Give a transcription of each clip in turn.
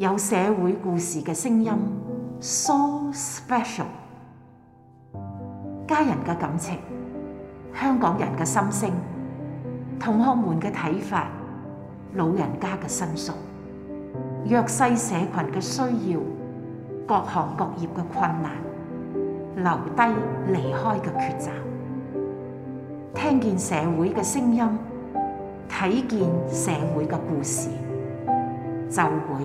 有社會故事嘅聲音，so special。家人嘅感情，香港人嘅心聲，同學們嘅睇法，老人家嘅申訴，弱勢社群嘅需要，各行各業嘅困難，留低離開嘅抉擇，聽見社會嘅聲音，睇見社會嘅故事，就會。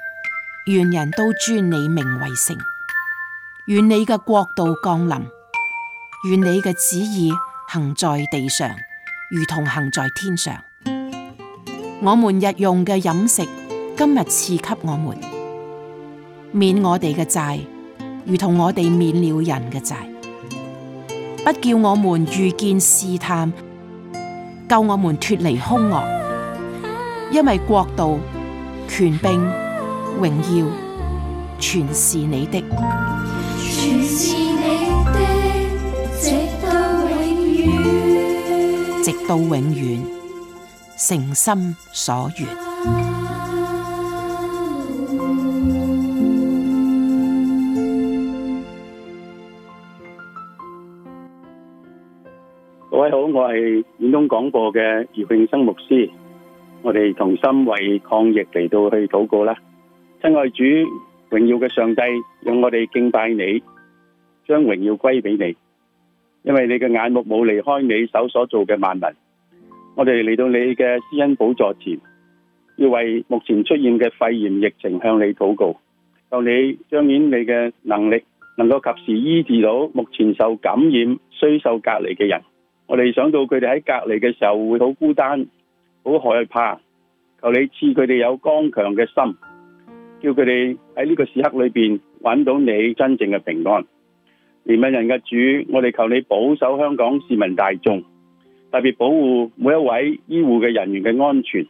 願人都尊你名為聖，願你嘅國度降臨，願你嘅旨意行在地上，如同行在天上。我們日用嘅飲食，今日賜給我們，免我哋嘅債，如同我哋免了人嘅債，不叫我們遇見試探，救我們脱離凶惡，因為國度、權柄。榮耀全是你的，全是你的，直到永遠，直到永遠，誠心所願。各位好，我係遠東廣播嘅葉慶生牧師，我哋同心為抗疫嚟到去禱告啦。親愛主，榮耀嘅上帝，讓我哋敬拜你，將榮耀歸俾你，因為你嘅眼目冇離開你手所做嘅萬民。我哋嚟到你嘅施恩寶座前，要為目前出現嘅肺炎疫情向你禱告，求你彰顯你嘅能力，能夠及時醫治到目前受感染、需受隔離嘅人。我哋想到佢哋喺隔離嘅時候會好孤單、好害怕，求你賜佢哋有剛強嘅心。叫佢哋喺呢個時刻裏邊搵到你真正嘅平安。憐憫人嘅主，我哋求你保守香港市民大眾，特別保護每一位醫護嘅人員嘅安全。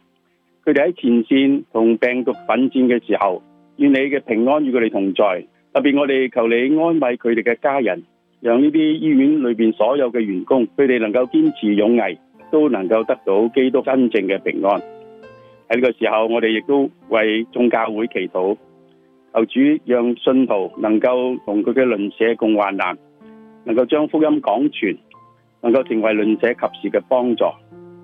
佢哋喺前線同病毒奮戰嘅時候，願你嘅平安與佢哋同在。特別我哋求你安慰佢哋嘅家人，讓呢啲醫院裏邊所有嘅員工，佢哋能夠堅持勇毅，都能夠得到基督真正嘅平安。喺呢個時候，我哋亦都為眾教會祈禱，求主讓信徒能夠同佢嘅鄰舍共患難，能夠將福音講全，能夠成為鄰舍及時嘅幫助。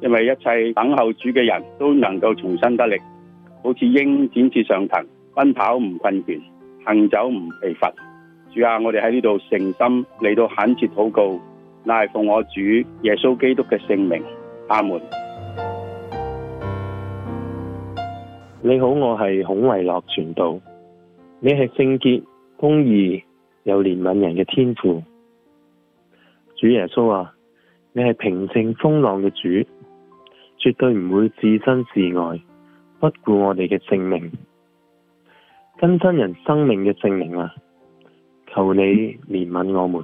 因為一切等候主嘅人都能夠重新得力，好似鷹展翅上騰，奔跑唔困倦，行走唔疲乏。主啊，我哋喺呢度誠心嚟到懇切禱告，乃係奉我主耶穌基督嘅聖名，阿門。你好，我係孔維樂傳道。你係聖潔、公義有憐憫人嘅天父。主耶穌啊，你係平靜風浪嘅主，絕對唔會置身事外，不顧我哋嘅性命，跟真，真人生命嘅性命啊！求你憐憫我們，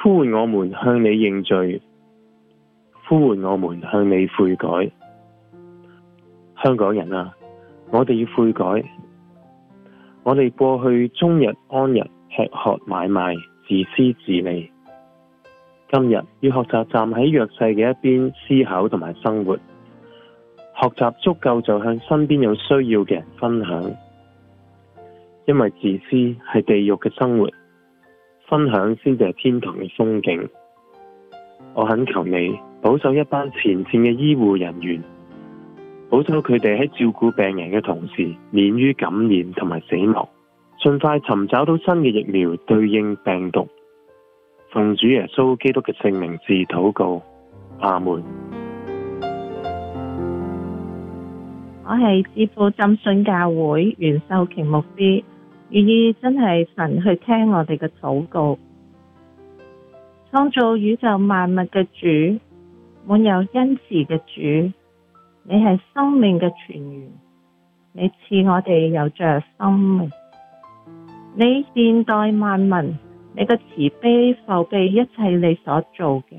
呼喚我們向你認罪，呼喚我們向你悔改。香港人啊！我哋要悔改，我哋過去終日安逸，吃喝買賣，自私自利，今日要學習站喺弱勢嘅一邊思考同埋生活，學習足夠就向身邊有需要嘅人分享，因為自私係地獄嘅生活，分享先至係天堂嘅風景。我懇求你，保守一班前線嘅醫護人員。保守佢哋喺照顧病人嘅同時免於感染同埋死亡，盡快尋找到新嘅疫苗對應病毒。奉主耶穌基督嘅聖名自禱告，阿門。我係支布浸信教會袁秀瓊牧師，願意真係神去聽我哋嘅禱告。創造宇宙萬物嘅主，滿有恩慈嘅主。你是生命嘅泉源，你賜我哋有着生命。你善待萬民，你嘅慈悲覆蓋一切你所做嘅。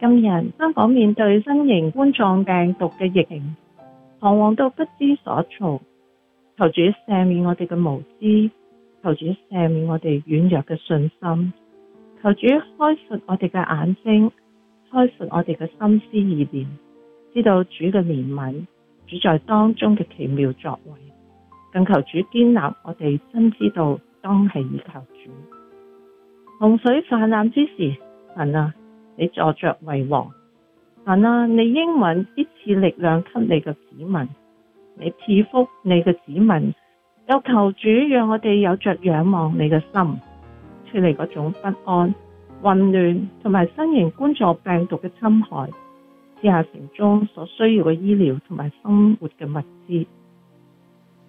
今日香港面對新型冠狀病毒嘅疫情，往往都不知所措。求主赦免我哋嘅無知，求主赦免我哋軟弱嘅信心，求主開闊我哋嘅眼睛，開闊我哋嘅心思意念。知道主嘅憐憫，主在當中嘅奇妙作為，更求主堅立我哋。真知道當係倚求主。洪水泛濫之時，神啊，你坐着為王，神啊，你應允必賜力量給你嘅子民，你賜福你嘅子民。有求主，讓我哋有着仰望你嘅心，脫離嗰種不安、混亂同埋新型冠狀病毒嘅侵害。賜下城中所需要嘅醫療同埋生活嘅物資，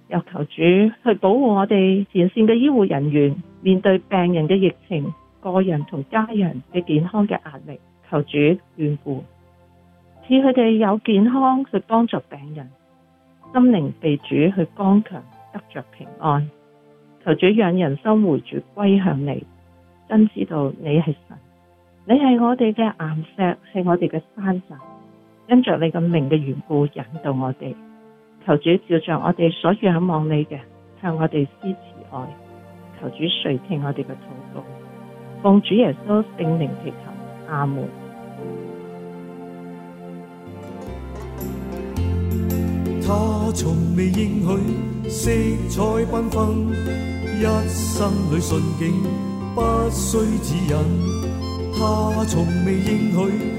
又求主去保護我哋前線嘅醫護人員面對病人嘅疫情、個人同家人嘅健康嘅壓力，求主眷顧，賜佢哋有健康去幫助病人，心靈被主去剛強得着平安，求主讓人心回轉，歸向你，真知道你係神，你係我哋嘅岩石，係我哋嘅山神。跟着你的名的緣故，引導我們。求主照着我們所仰望你的，向我們施慈愛。求主垂聽我們的禱告。奉主耶穌聖靈祈求，阿門。他從未應許，色彩繽紛，一生裏順境不需指引。他從未應許。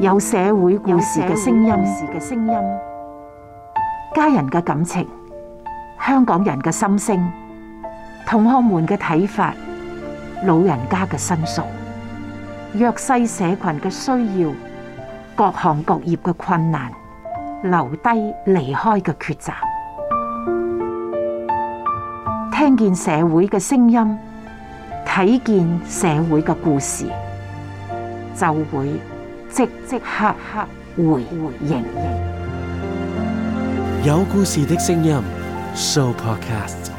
有社會故事嘅聲音，嘅聲音，家人嘅感情，香港人嘅心聲，同學們嘅睇法，老人家嘅申訴，弱勢社群嘅需要，各行各業嘅困難，留低離開嘅抉擇，聽見社會嘅聲音，睇見社會嘅故事，就會。即即刻刻回回應，有故事的聲音，Show Podcast。